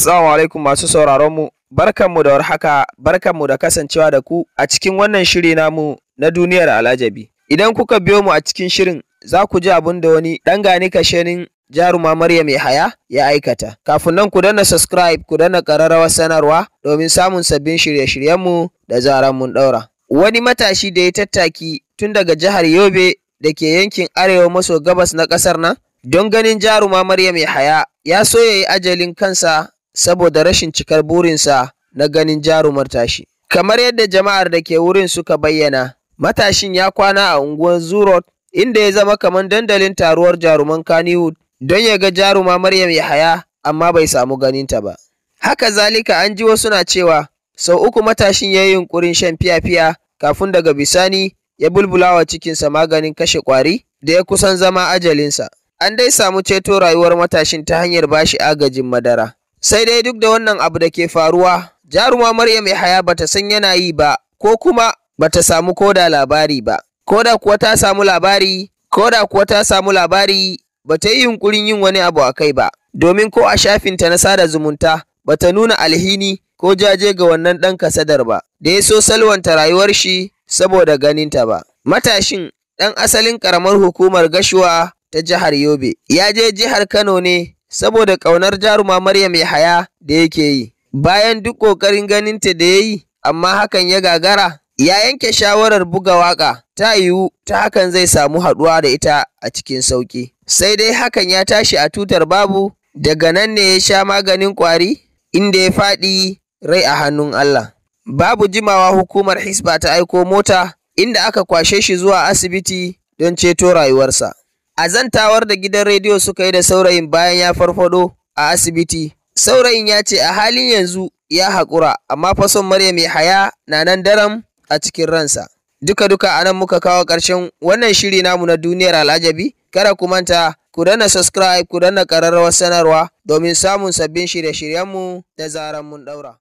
Assalamu alaikum masu sauraron mu, barkanmu da warhaka, barkanmu da kasancewa da ku a cikin wannan shiri namu na duniyar alajabi. Idan kuka biyo mu a cikin shirin, za ku ji abin da wani ɗan gani kashenin jaruma Maryam haya ya aikata. Kafin nan ku danna subscribe, ku danna ƙararrawar sanarwa domin samun sabbin shirye shiryen mu da zaran mun ɗaura. Wani matashi da ya tattaki tun daga jihar Yobe da ke yankin arewa maso gabas na ƙasar nan don ganin jaruma Maryam haya ya so ya yi ajalin kansa saboda rashin cikar burinsa na ganin jarumar tashi. Kamar yadda jama'ar da ke wurin suka bayyana, matashin ya kwana a unguwar Zurot inda ya zama kamar dandalin taruwar jaruman Kannywood don ya ga jaruma Maryam Yahaya amma bai samu ganinta ba. Haka zalika an ji wasu na cewa sau uku matashin ya yi yunƙurin shan fiya-fiya kafin daga bisani ya bulbulawa cikinsa maganin kashe kwari da ya kusan zama ajalinsa. An dai samu ceto rayuwar matashin ta hanyar bashi agajin madara. Sai dai duk da wannan abu da ke faruwa, jaruma Maryam Yahaya bata san yana yi ba, ko kuma bata samu koda labari ba. Koda kuwa ta samu labari, koda kuwa ta samu labari, bata yi yunkurin yin wani abu a kai ba, domin ko a shafinta na sada zumunta bata nuna alhini ko jaje ga wannan ɗan kasadar ba, da ya so salwanta rayuwar shi saboda ganinta ba. Matashin ɗan asalin ƙaramar hukumar Gashuwa ta jihar Yobe, ya je jihar Kano ne saboda ƙaunar jaruma Maryam haya da yake yi. Bayan duk ƙoƙarin ganinta da ya yi, amma hakan ya gagara, ya yanke shawarar buga waƙa ta yiwu ta hakan zai samu haɗuwa da ita a cikin sauƙi. Sai dai hakan ya tashi a tutar babu, daga nan ne ya sha maganin ƙwari, inda ya faɗi rai a hannun Allah. Babu jimawa hukumar Hisba ta aiko mota, inda aka kwashe shi zuwa asibiti don ceto rayuwarsa. A zantawar da gidan rediyo suka yi da saurayin bayan ya farfado a asibiti, saurayin ya ce a halin yanzu ya haƙura, amma fason maryam mai haya na nan daram a cikin ransa. Duka-duka a nan muka kawo ƙarshen wannan shiri namu na duniyar al'ajabi, kada ku manta ku danna subscribe ku danna ƙararrawar sanarwa domin samun sabbin shirye-shiryenmu da zaran mun ɗaura.